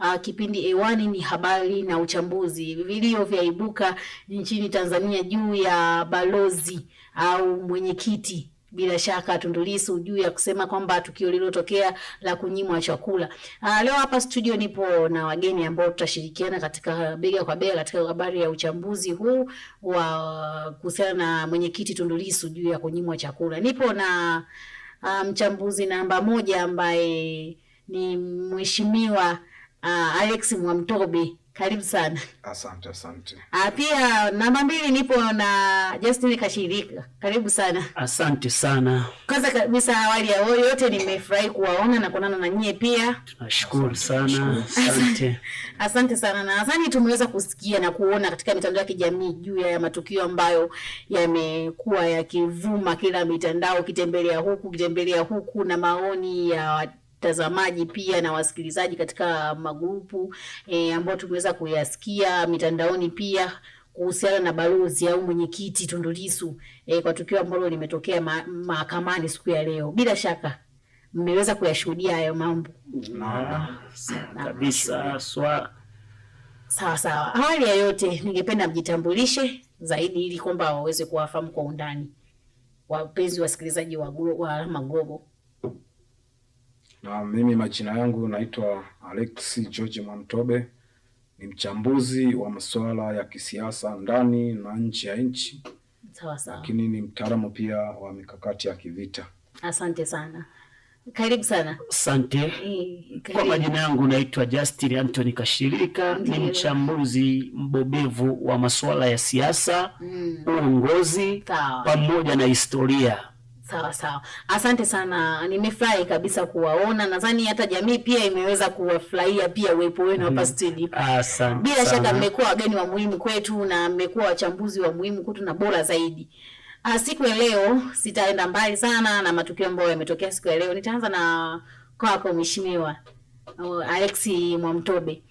uh, kipindi hewani ni habari na uchambuzi. Vilio vyaibuka nchini Tanzania juu ya balozi au mwenyekiti bila shaka Tundu Lissu juu ya kusema kwamba tukio lililotokea la kunyimwa chakula. Uh, leo hapa studio nipo na wageni ambao tutashirikiana katika bega kwa bega katika habari ya uchambuzi huu wa kuhusiana na mwenyekiti Tundu Lissu juu ya kunyimwa chakula. Nipo na ah, mchambuzi um, namba moja ambaye ni mheshimiwa uh, Alex Mwamtobe karibu sana. Asante, asante. Ah, pia namba mbili nipo na Justin Kashirika, karibu sana. Asante sana. Kwanza kabisa, awali ya yote, nimefurahi kuwaona na kuonana na nyie pia. Tunashukuru sana, asante. Asante sana, na asante tumeweza kusikia na kuona katika mitandao ya kijamii juu ya matukio ambayo yamekuwa yakivuma kila mitandao, kitembelea huku kitembelea huku, na maoni ya watazamaji pia na wasikilizaji katika magrupu e, ambao tumeweza kuyasikia mitandaoni pia kuhusiana na balozi au mwenyekiti Tundu Lissu e, kwa tukio ambalo limetokea mahakamani ma siku ya leo. Bila shaka mmeweza kuyashuhudia hayo mambo kabisa. Sawa sawa, hali ya yote, ningependa mjitambulishe zaidi ili kwamba waweze kuwafahamu kwa undani wapenzi wasikilizaji wa Alama Global na mimi majina yangu naitwa Alex George Mwantobe, ni mchambuzi wa masuala ya kisiasa ndani na nje ya nchi, lakini ni mtaalamu pia wa mikakati ya kivita. Asante sana. Karibu sana. Asante. Ee, Kwa majina yangu naitwa Justin Anthony Kashirika, ni mchambuzi mbobevu wa masuala ya siasa, mm. uongozi pamoja na historia. Sawa sawa, asante sana, nimefurahi kabisa kuwaona. Nadhani hata jamii pia imeweza kuwafurahia pia uwepo wenu hapa mm-hmm. studio. Asante bila sana. Shaka mmekuwa wageni wa muhimu kwetu na mmekuwa wachambuzi wa muhimu kwetu na bora zaidi. Ah, siku ya leo sitaenda mbali sana na matukio ambayo yametokea siku ya leo. Nitaanza na kwako Mheshimiwa uh, Alex Mwamtobe.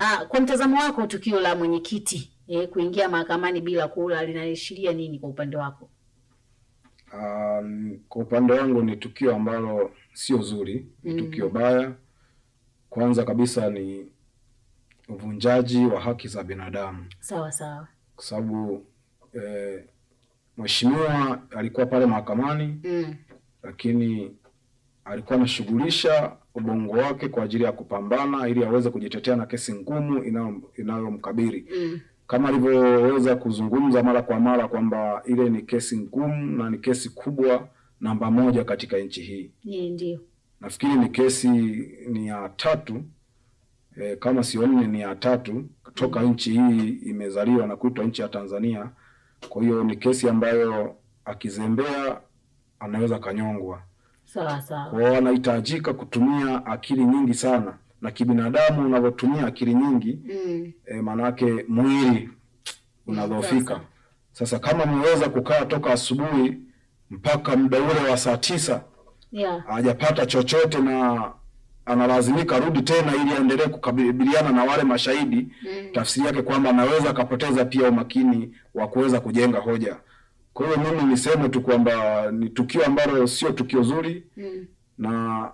Ah, kwa mtazamo wako tukio la mwenyekiti eh, kuingia mahakamani bila kula linaashiria nini kwa upande wako? Um, kwa upande wangu ni tukio ambalo sio zuri, ni mm. tukio baya. Kwanza kabisa ni uvunjaji wa haki za binadamu, sawa sawa, kwa sababu eh, mheshimiwa alikuwa pale mahakamani mm. lakini alikuwa anashughulisha ubongo wake kwa ajili ya kupambana ili aweze kujitetea na kesi ngumu inayomkabili inayo mm kama alivyoweza kuzungumza mara kwa mara kwamba ile ni kesi ngumu na ni kesi kubwa namba moja katika nchi hii. Ndio. Nafikiri ni kesi ni ya tatu e, kama sio nne ni ya tatu toka mm. nchi hii imezaliwa na kuitwa nchi ya Tanzania. Kwa hiyo ni kesi ambayo akizembea anaweza kanyongwa. Sawa sawa. Kwa hiyo anahitajika kutumia akili nyingi sana na kibinadamu unavyotumia akili nyingi mm. E, maanake mwili unadhoofika. Sasa kama mmeweza kukaa toka asubuhi mpaka muda ule wa saa tisa yeah. chochote na analazimika rudi tena ili aendelee kukabiliana na wale mashahidi mm. Tafsiri yake kwamba anaweza akapoteza pia umakini wa kuweza kujenga hoja. Kwa hiyo mimi niseme tu kwamba ni tukio ambalo sio tukio zuri mm. na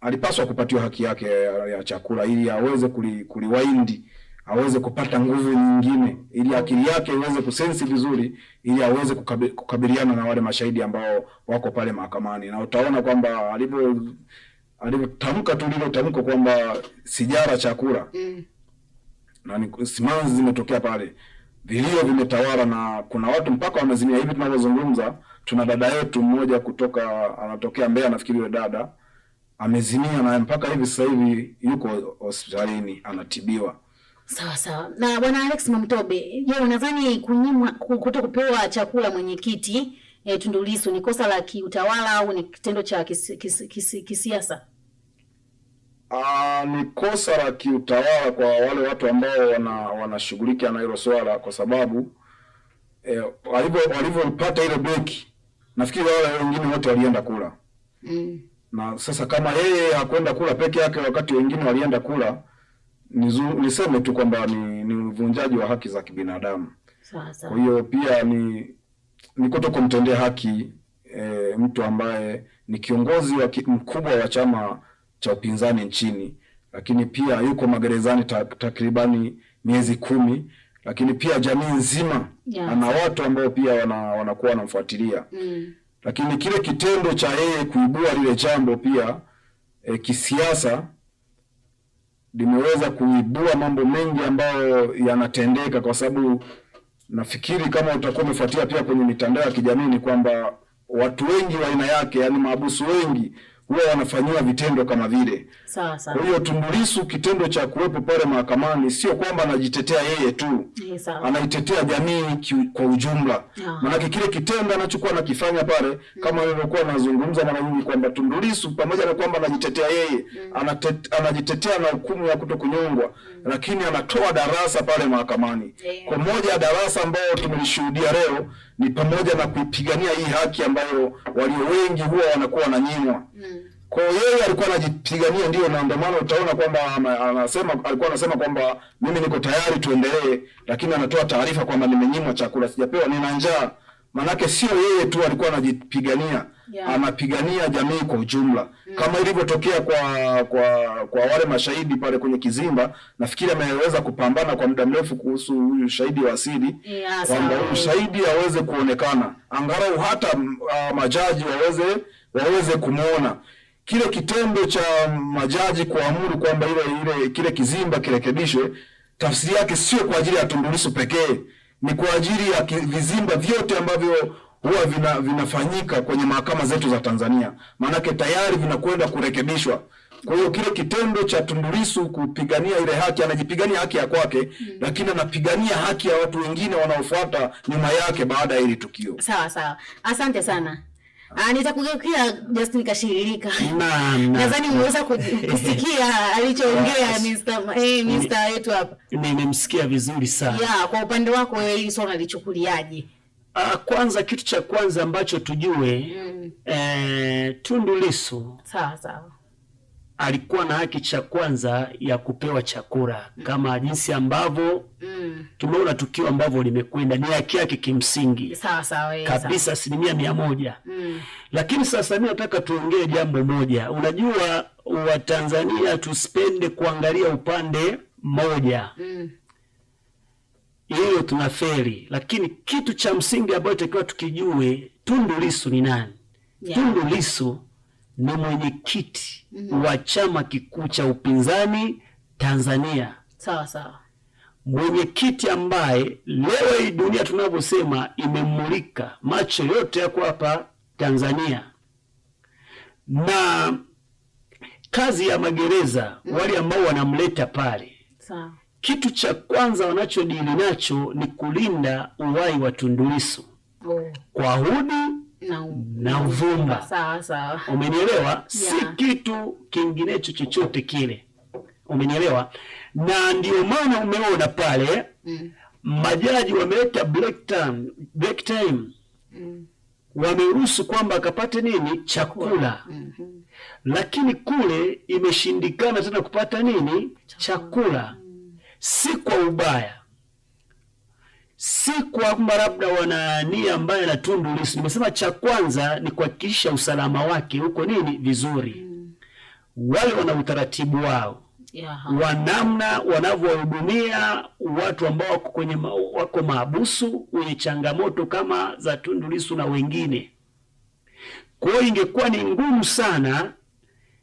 alipaswa kupatiwa haki yake ya chakula ili aweze kuli, kuliwaindi aweze kupata nguvu nyingine ili akili yake iweze kusensi vizuri ili aweze kukabiliana na wale mashahidi ambao wako pale mahakamani, na utaona kwamba alivyo alivyotamka tu lilo tamko kwamba sijara chakula mm. na simanzi zimetokea pale, vilio vimetawala, na kuna watu mpaka wamezimia. Hivi tunavyozungumza, tuna dada yetu mmoja kutoka anatokea mbea nafikiri yule dada amezimia na mpaka hivi sasa hivi yuko hospitalini anatibiwa. Sawa sawa. Na bwana Alex Mamtobe, je, unadhani kunyimwa kuto kupewa chakula mwenyekiti e, Tundu Lissu ni kosa la kiutawala au ni kitendo cha kisiasa kis, kis, kis, ni kosa la kiutawala kwa wale watu ambao wanashughulika wana na hilo swala kwa sababu eh, walivyopata ile beki nafikiri wale wengine wote walienda kula mm na sasa kama yeye hakwenda kula peke yake wakati wengine walienda kula, niseme tu kwamba ni, ni uvunjaji wa haki za kibinadamu. Kwa hiyo pia ni, ni kuto kumtendea haki e, mtu ambaye ni kiongozi wa ki, mkubwa wa chama cha upinzani nchini, lakini pia yuko magerezani tak, takribani miezi kumi lakini pia jamii nzima yeah. Ana watu ambao pia wanakuwa wana wanamfuatilia mm lakini kile kitendo cha yeye kuibua lile jambo pia e, kisiasa limeweza kuibua mambo mengi ambayo yanatendeka, kwa sababu nafikiri kama utakuwa umefuatia pia kwenye mitandao ya kijamii ni kwamba watu wengi wa aina yake, yani maabusu wengi huwa wanafanyiwa vitendo kama vile. Kwa hiyo Tundu Lissu kitendo cha kuwepo pale mahakamani sio kwamba anajitetea yeye tu, eh, Sawa. anaitetea jamii kwa ujumla. Ah. Maanake kile kitendo anachokuwa anakifanya pale mm. kama nilivyokuwa nazungumza mara nyingi kwamba Tundu Lissu pamoja na kwamba anajitetea yeye mm. anajitetea na hukumu ya kuto kunyongwa mm. lakini anatoa darasa pale mahakamani yeah. Kwa moja ya darasa ambayo tumelishuhudia leo ni pamoja na kuipigania hii haki ambayo walio wengi huwa wanakuwa wananyimwa mm. Kwa hiyo yeye alikuwa anajipigania, ndio, na ndio maana utaona kwamba anasema, alikuwa anasema kwamba mimi niko tayari tuendelee, lakini anatoa taarifa kwamba nimenyimwa chakula, sijapewa, nina njaa. Manake sio yeye tu alikuwa anajipigania, yeah. Anapigania jamii kwa ujumla mm. Kama ilivyotokea kwa kwa kwa wale mashahidi pale kwenye kizimba, nafikiri ameweza kupambana kwa muda mrefu kuhusu huyu shahidi wa asili yeah, kwamba huyu shahidi aweze kuonekana angalau hata uh, majaji waweze waweze kumwona kile kitendo cha majaji kuamuru kwamba ile ile kile kizimba kirekebishwe, tafsiri yake sio kwa ajili ya Tundu Lissu pekee, ni kwa ajili ya vizimba vyote ambavyo huwa vina, vinafanyika kwenye mahakama zetu za Tanzania, maanake tayari vinakwenda kurekebishwa. Kwa hiyo kile kitendo cha Tundu Lissu kupigania ile haki, anajipigania haki ya kwake mm, lakini anapigania haki ya watu wengine wanaofuata nyuma yake baada ya hili tukio. Sawa sawa, asante sana. Ah, nitakugeukia just nikashiririka. Naam. Nadhani umeweza kusikia alichoongea Mr. eh Mr. yetu hapa. Nimemsikia vizuri sana. Yeah, kwa upande wako wewe hili swala lichukuliaje? Ah, kwanza kitu cha kwanza ambacho tujue mm. eh, Tundu Lissu. Sawa sawa alikuwa na haki cha kwanza ya kupewa chakula kama jinsi ambavyo mm. tumeona tukio ambavyo limekwenda, ni haki yake kimsingi sawa sawa kabisa asilimia mia moja mm. Lakini sasa mimi nataka tuongee jambo moja. Unajua Watanzania tusipende kuangalia upande moja mm. hiyo tunafeli, lakini kitu cha msingi ambacho takiwa tukijue Tundu Lissu ni nani? yeah. Tundu Lissu ni mwenyekiti mm -hmm. wa chama kikuu cha upinzani Tanzania. Sawa sawa. Mwenyekiti ambaye leo hii dunia tunavyosema imemulika, macho yote yako hapa Tanzania, na kazi ya magereza mm -hmm. wale ambao wanamleta pale sawa. Kitu cha kwanza wanachodili nacho ni kulinda uhai wa Tundu Lissu oh. kwa hudi na uvumba. Sawa sawa, umenielewa? Yeah. Si kitu kinginecho chochote kile, umenielewa? Na ndio maana umeona pale mm. majaji wameleta break time, break time. Mm. wameruhusu kwamba akapate nini chakula mm -hmm. Lakini kule imeshindikana tena kupata nini chakula, chakula. Mm. si kwa ubaya si kwamba labda wana nia mbaya na Tundu Lissu. Nimesema cha kwanza ni kuhakikisha usalama wake huko nini vizuri. mm. Wale wana utaratibu wao yeah, wanamna wanavyowahudumia watu ambao wako kwenye ma, wako maabusu wenye changamoto kama za Tundu Lissu na wengine. Kwa hiyo ingekuwa ni ngumu sana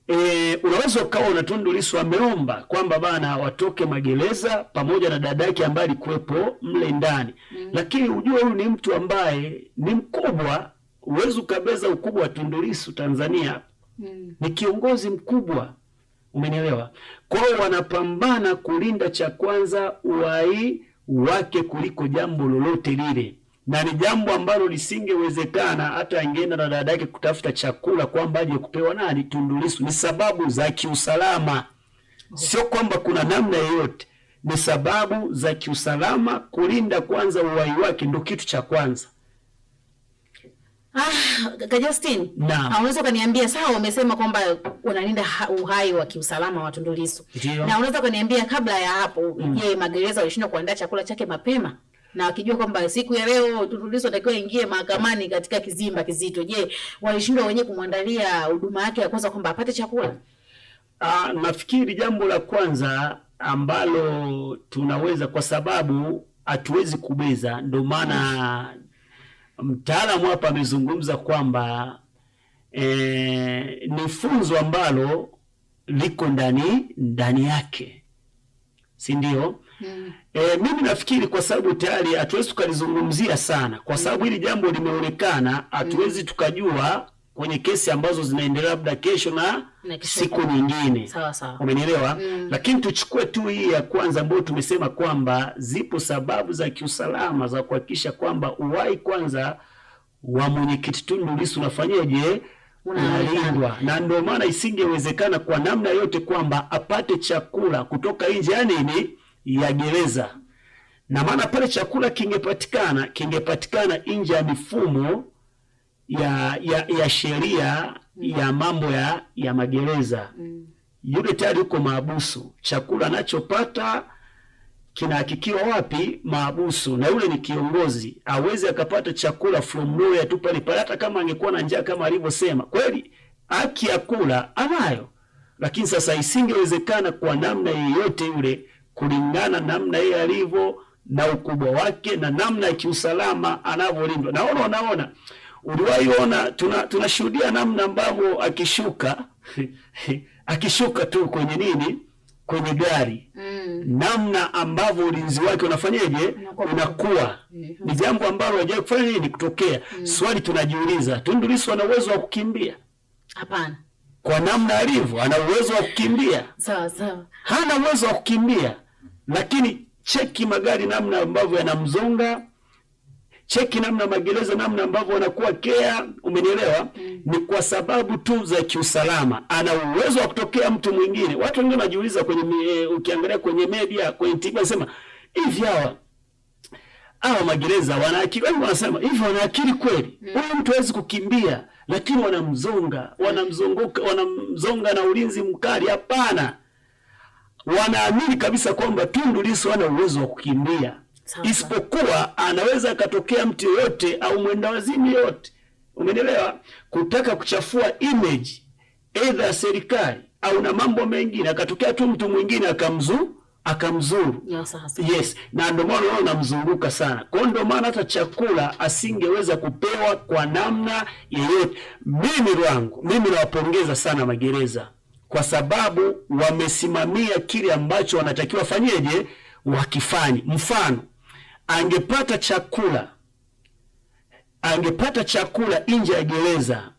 E, unaweza ukawa na Tundu Lissu ameomba kwamba bana watoke magereza pamoja na dada yake ambaye alikuwepo mle ndani mm. Lakini ujue huyu ni mtu ambaye ni mkubwa, huwezi ukabeza ukubwa wa Tundu Lissu Tanzania mm. Ni kiongozi mkubwa, umenielewa? Kwa hiyo wanapambana kulinda cha kwanza uhai wake kuliko jambo lolote lile na ni jambo ambalo lisingewezekana hata angeenda na dada yake kutafuta chakula, kwamba aje kupewa nani, Tundu Lissu. Ni sababu za kiusalama, sio kwamba kuna namna yoyote, ni sababu za kiusalama. Kulinda kwanza uhai wake ndo kitu cha kwanza. Ah, ka Justin, unaweza ukaniambia sawa, wamesema kwamba unalinda uhai wa kiusalama wa Tundu Lissu, na unaweza ukaniambia kabla ya hapo, je, mm, magereza walishindwa kuandaa chakula chake mapema? na akijua kwamba siku ya leo Tundu Lissu atakiwa ingie mahakamani katika kizimba kizito. Je, walishindwa wenyewe kumwandalia huduma yake ya kwanza kwamba apate chakula? Aa, ah, nafikiri jambo la kwanza ambalo tunaweza kwa sababu hatuwezi kubeza, ndio maana mtaalamu hapa amezungumza kwamba e, ni funzo ambalo liko ndani ndani yake, si ndio? Mm. E, mimi nafikiri kwa sababu tayari hatuwezi tukalizungumzia sana kwa mm. sababu hili jambo limeonekana, mm. hatuwezi tukajua kwenye kesi ambazo zinaendelea labda kesho na, na siku nyingine, umenielewa? Mm. Lakini tuchukue tu hii ya kwanza ambayo tumesema kwamba zipo sababu za kiusalama za kuhakikisha kwamba uwai kwanza wa mwenyekiti Tundu Lissu unafanyeje, unalindwa na ndio maana isingewezekana kwa namna yote kwamba apate chakula kutoka nje, yani ni ya gereza. Na maana pale chakula kingepatikana kingepatikana nje ya mifumo ya ya, ya sheria ya mm. mambo ya ya magereza. Mm. Yule tayari yuko maabusu, chakula anachopata kinahakikiwa wapi? Maabusu. Na yule ni kiongozi, awezi akapata chakula from nowhere tu pale pale, hata kama angekuwa na njaa kama alivyosema. Kweli haki ya kula anayo, lakini sasa isingewezekana kwa namna yeyote yule kulingana namna yeye alivyo na ukubwa wake na namna ya kiusalama anavyolindwa. Naona unaona, uliwahi ona, tunashuhudia tuna namna ambavyo akishuka akishuka tu kwenye nini kwenye gari mm. namna ambavyo ulinzi wake unafanyaje unakuwa mm-hmm. ni jambo ambalo hajawahi kufanya nini kutokea mm. Swali tunajiuliza, Tundu Lissu ana uwezo wa kukimbia? Hapana. Kwa namna alivyo, ana uwezo wa kukimbia sawa sawa? Hana uwezo wa kukimbia lakini cheki magari namna ambavyo yanamzonga, cheki namna magereza namna ambavyo wanakuwa kea, umenielewa? Mm. Ni kwa sababu tu za kiusalama, ana uwezo wa kutokea mtu mwingine. Watu wengine wanajiuliza kwenye, eh, ukiangalia kwenye media, kwenye TV wanasema hivi hawa hawa magereza wana akili, yaani wanasema hivi wana akili kweli? Mm. Huyu mtu hawezi kukimbia, lakini wanamzonga, wanamzunguka, wanamzonga na ulinzi mkali. Hapana wanaamini kabisa kwamba Tundu Lissu hana uwezo wa kukimbia, isipokuwa anaweza akatokea mtu yoyote au mwenda wazimu yoyote, umenielewa, kutaka kuchafua image aidha ya serikali au na mambo mengine, akatokea tu mtu mwingine akamzu akamzuru yes, na ndio maana wao namzunguka sana. Kwa hiyo ndio maana hata chakula asingeweza kupewa kwa namna yeyote. Mimi rwangu mimi nawapongeza sana magereza kwa sababu wamesimamia kile ambacho wanatakiwa fanyeje, wakifanye. Mfano, angepata chakula angepata chakula nje ya gereza,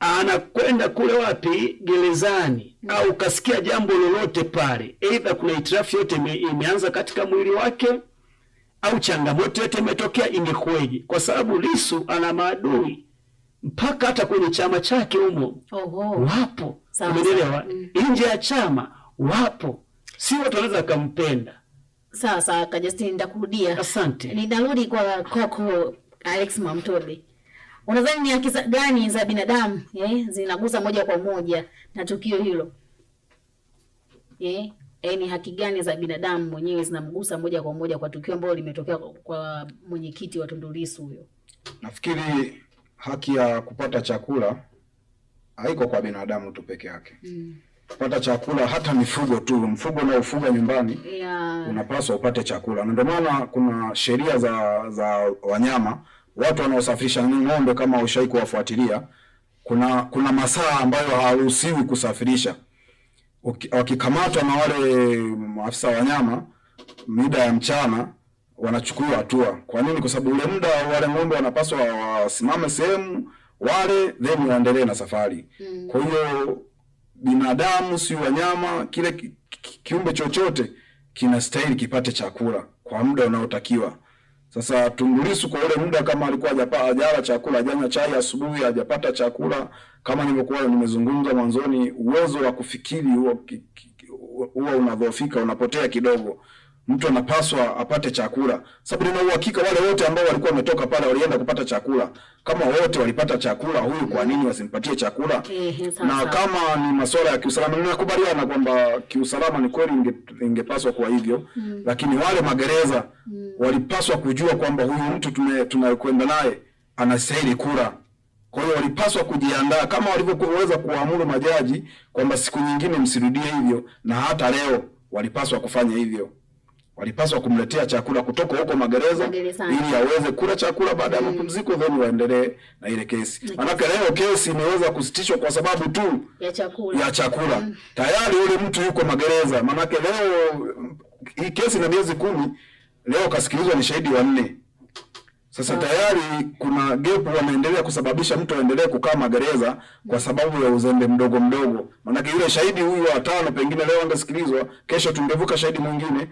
anakwenda kule wapi? Gerezani. mm. au kasikia jambo lolote pale, aidha kuna itirafu yote imeanza katika mwili wake au changamoto yote imetokea, ingekuweje? Kwa sababu lisu ana maadui mpaka hata kwenye chama chake humo wapo, umeelewa? Mm. Nje ya chama wapo, si watu wanaweza akampenda. Sawa sawa, Kajasti, nitakurudia. Asante, ninarudi kwa kwako Alex Mamtobe. Unadhani ni haki gani za binadamu eh, zinagusa moja kwa moja na tukio hilo eh? Eh, ni haki gani za binadamu mwenyewe zinamgusa moja kwa moja kwa tukio ambalo limetokea kwa mwenyekiti wa Tundu Lissu huyo? Nafikiri haki ya kupata chakula haiko kwa binadamu tu peke yake mm. Kupata chakula hata mifugo tu, mfugo unaofuga nyumbani yeah. Unapaswa upate chakula, na ndio maana kuna sheria za za wanyama, watu wanaosafirisha ng'ombe, kama ushai kuwafuatilia, kuna kuna masaa ambayo haruhusiwi kusafirisha. Wakikamatwa na wale maafisa wanyama mida ya mchana wanachukua hatua. Kwa nini? Kwa sababu ule muda wale ng'ombe wanapaswa wasimame sehemu wale, then waendelee na safari mm. Kwa hiyo binadamu, si wanyama, kile kiumbe chochote kinastahili kipate chakula kwa muda unaotakiwa. Sasa Tundu Lissu kwa ule muda, kama alikuwa hajala chakula, hajanywa chai asubuhi, hajapata chakula, kama nilivyokuwa nimezungumza mwanzoni, uwezo wa kufikiri huwa unadhoofika, unapotea kidogo mtu anapaswa apate chakula, sababu nina uhakika wale wote ambao walikuwa wametoka pale walienda kupata chakula. Kama wote walipata chakula, huyu kwa nini wasimpatie chakula? Okay, na kama ni masuala ya kiusalama, ninakubaliana kwamba kiusalama ni kweli inge, ingepaswa kuwa hivyo mm. Lakini wale magereza mm. walipaswa kujua kwamba huyu mtu tunayekwenda naye anastahili kula. Kwa hiyo walipaswa kujiandaa kama walivyoweza kuamuru majaji kwamba siku nyingine msirudie hivyo, na hata leo walipaswa kufanya hivyo walipaswa kumletea chakula kutoka huko magereza ili aweze kula chakula baada ya mapumziko mm. mapumziko, then waendelee na ile kesi. maanake leo kesi imeweza kusitishwa kwa sababu tu ya chakula, ya chakula. Mm. Tayari yule mtu yuko magereza, maanake leo mm, hii kesi na miezi kumi, leo kasikilizwa ni shahidi wanne. Sasa ah, tayari kuna gepu wameendelea kusababisha mtu aendelee kukaa magereza kwa sababu ya uzembe mdogo mdogo, maanake yule shahidi huyu wa tano pengine leo angesikilizwa, kesho tungevuka shahidi mwingine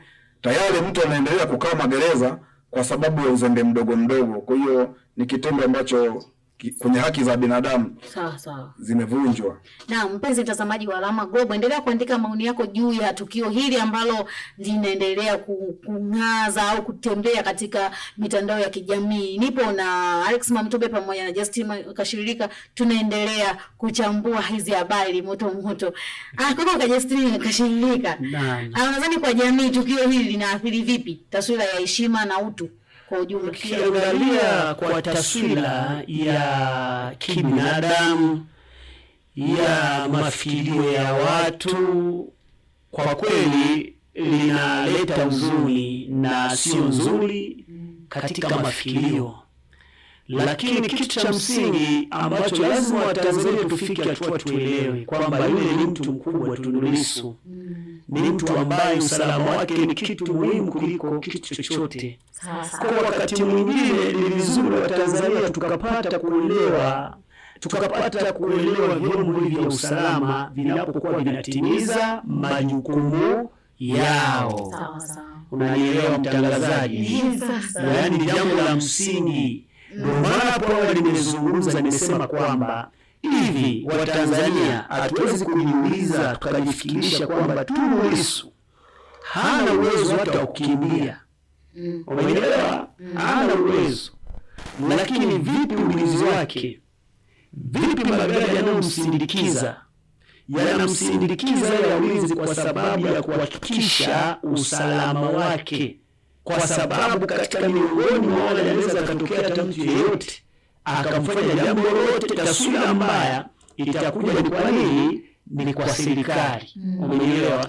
tayari mtu anaendelea kukaa magereza kwa sababu ya uzembe mdogo mdogo. Kwa hiyo ni kitendo ambacho kwenye haki za binadamu sawa sawa zimevunjwa. Na mpenzi mtazamaji wa Alama Global, endelea kuandika maoni yako juu ya tukio hili ambalo linaendelea kung'aza au kutembea katika mitandao ya kijamii. Nipo na Alex Mamtobe pamoja na Justin Kashirika, tunaendelea kuchambua hizi habari moto moto. Ah, kwa Justin Kashirika, ah, nadhani kwa jamii tukio hili linaathiri vipi taswira ya heshima na utu kwa ujumla. Ukiangalia kwa taswira ya kibinadamu ya mafikirio ya watu, kwa kweli linaleta huzuni na sio nzuri katika mafikirio lakini kitu cha msingi ambacho lazima Watanzania tufike hatua tuelewe kwamba yule ni mtu mkubwa, Tundu Lissu mm. ni mtu ambaye usalama wake ni kitu muhimu kuliko kitu chochote. Kwa wakati mwingine ni vizuri Watanzania tukapata kuelewa tukapata kuelewa vyombo hivi vya usalama vinapokuwa vinatimiza majukumu yao. Unanielewa mtangazaji? Yaani jambo la msingi ndio maana hapo awali nimezungumza, nimesema kwamba hivi Watanzania hatuwezi kujiuliza tukajifikirisha kwamba Tundu Lissu hana uwezo hata wa kukimbia. Mm. Umeelewa? Hana uwezo lakini vipi ulinzi wake, vipi magari yanayomsindikiza yanamsindikiza ya ulinzi, kwa sababu ya kuhakikisha usalama wake kwa sababu katika miongoni mwa wale anaweza akatokea hata mtu yeyote akamfanya jambo lolote, taswira mbaya itakuja. Ni kwa nini? Ni kwa serikali. Mm. Umeelewa?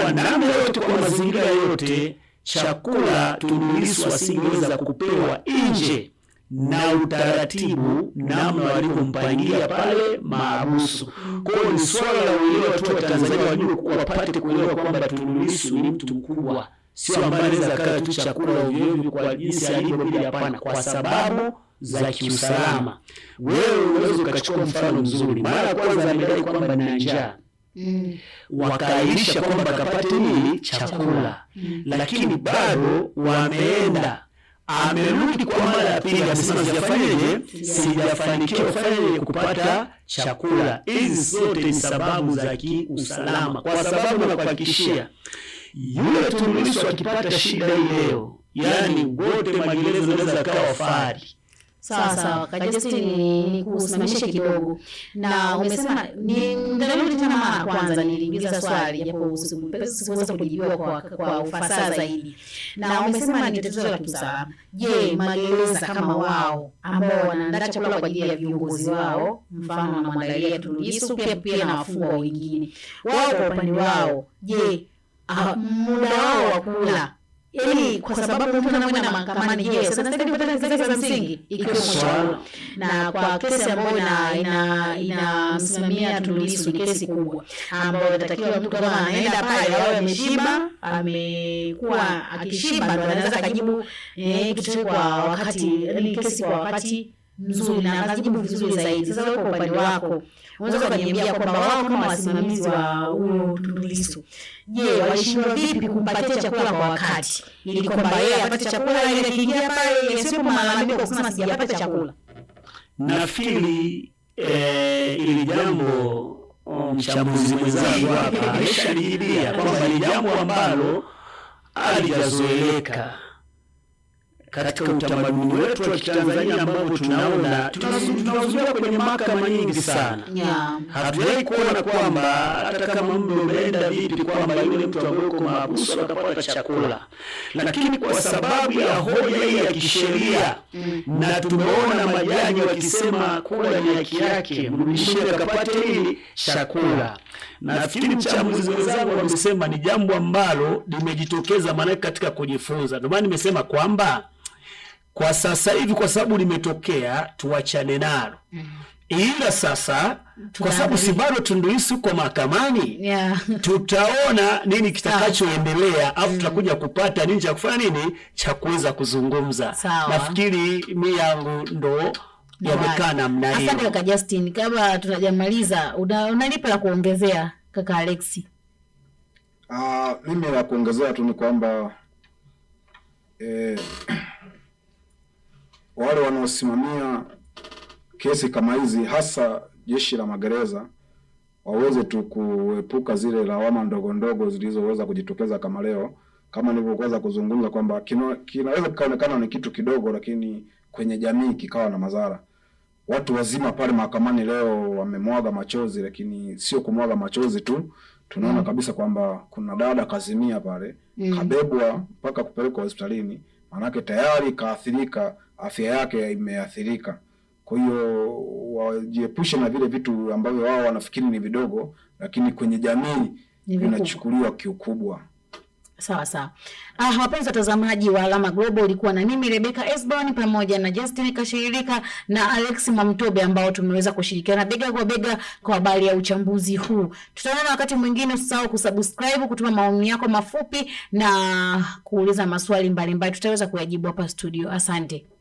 Kwa namna yote, kwa mazingira yote, chakula Tundu Lissu asingeweza kupewa nje na utaratibu namna walivyompangia pale maabusu. Kwa hiyo ni swala la uelewa tu Watanzania wajue, wapate kuelewa kwamba Tundu Lissu ni mtu mkubwa sio ambaye anaweza kala tu chakula uvivu kwa jinsi alivyo bila, hapana, kwa sababu za kiusalama. Wewe unaweza ukachukua mfano mzuri. Mara ya kwanza alidai kwamba na njaa Mm. Wakaahirisha kwamba akapate nini chakula mm. Lakini bado wameenda, amerudi kwa mara ya pili, amesema sijafanyaje, sijafanikiwa fanyeje kupata chakula. Hizi zote ni sababu za kiusalama, kwa sababu nakuhakikishia yule Tundu Lissu akipata shida hii leo, yaani, yaani wote magereza anaweza akawa fari. Sawa sawa, Kajesti, kusimamisha kidogo. Na umesema ni ndarudi tena mara kwanza, niliuliza swali japo usiweza kujibiwa kwa, kwa ufasaha zaidi. Na umesema ni tatizo la kiusalama. Je, magereza kama wao ambao wanaandaa chakula kwa ajili ya viongozi wao, mfano wanamwandalia Tundu Lissu pia pia na wafungwa wengine, wao kwa upande wao, je Ah, muda wao wa kula yaani, yaani kwa sababu mtu anakwenda mahakamani, je, sasa nastahili kupata haki zake za msingi ikiwa shauri. Na kwa kesi ambayo ina inamsimamia Tundu Lissu ni kesi kubwa ambayo inatakiwa mtu kama anaenda pale awe ameshiba, amekuwa akishiba, ndio anaweza kujibu eh, eh kitu kwa wakati, ni yaani kesi kwa wakati mzuri na akajibu vizuri zaidi. Sasa wewe kwa upande wako unaweza kuniambia kwamba wao kama wasimamizi wa huyo Tundu Lissu, je, walishindwa vipi kumpatia chakula kwa wakati ili kwamba yeye apate chakula ile kiingia pale yasipo malalamiko kwa kusema sijapata chakula? Nafikiri eh, ili jambo um, mchambuzi mwenzangu hapa alishaliibia kwamba ni jambo ambalo alijazoeleka katika utamaduni wetu wa Kitanzania ambavyo tunaona tunazungumzia kwenye mahakama nyingi sana yeah. kuona kwamba hata kama mume umeenda vipi kwamba yule mtu ameweko mahabusu atapata chakula, lakini kwa sababu ya hoja hii ya kisheria mm. na tumeona majaji wakisema kula ni haki yake, mrudishie akapate hili chakula. Nafikiri mchambuzi wenzangu wamesema ni jambo ambalo limejitokeza, maanake katika kujifunza, ndio maana nimesema kwamba kwa sasa hivi, kwa sababu limetokea, tuwachane nalo mm. Ila sasa kwa sababu si bado Tundu Lissu uko mahakamani yeah. Tutaona nini kitakachoendelea, ah. afu mm. tutakuja kupata nini cha kufanya nini cha kuweza kuzungumza. Nafikiri mi yangu ndo yamekaa namna hiyo. Asante kaka Justin, kama tunajamaliza, unalipa la kuongezea kaka Alexi? Uh, mimi la kuongezea tu ni kwamba eh, wale wanaosimamia kesi kama hizi, hasa jeshi la magereza, waweze tu kuepuka zile lawama ndogo ndogo zilizoweza kujitokeza kama leo, kama nilivyokuweza kuzungumza kwamba kinaweza kikaonekana ni kitu kidogo, lakini kwenye jamii kikawa na madhara. Watu wazima pale mahakamani leo wamemwaga machozi, lakini sio kumwaga machozi tu, tunaona mm. kabisa kwamba kuna dada kazimia pale mm. kabebwa mpaka kupelekwa hospitalini manake tayari kaathirika, afya yake imeathirika. Kwa hiyo wajiepushe na vile vitu ambavyo wao wanafikiri ni vidogo, lakini kwenye jamii vinachukuliwa kiukubwa. Sawa sawa. Ah, wapenzi watazamaji wa Alama Global, ilikuwa na mimi Rebecca Esbon pamoja na Justin Kashirika na Alex Mamtobe ambao tumeweza kushirikiana bega kwa bega kwa habari ya uchambuzi huu. Tutaonana wakati mwingine, usisahau kusubscribe, kutuma maoni yako mafupi na kuuliza maswali mbalimbali, tutaweza kuyajibu hapa studio. Asante.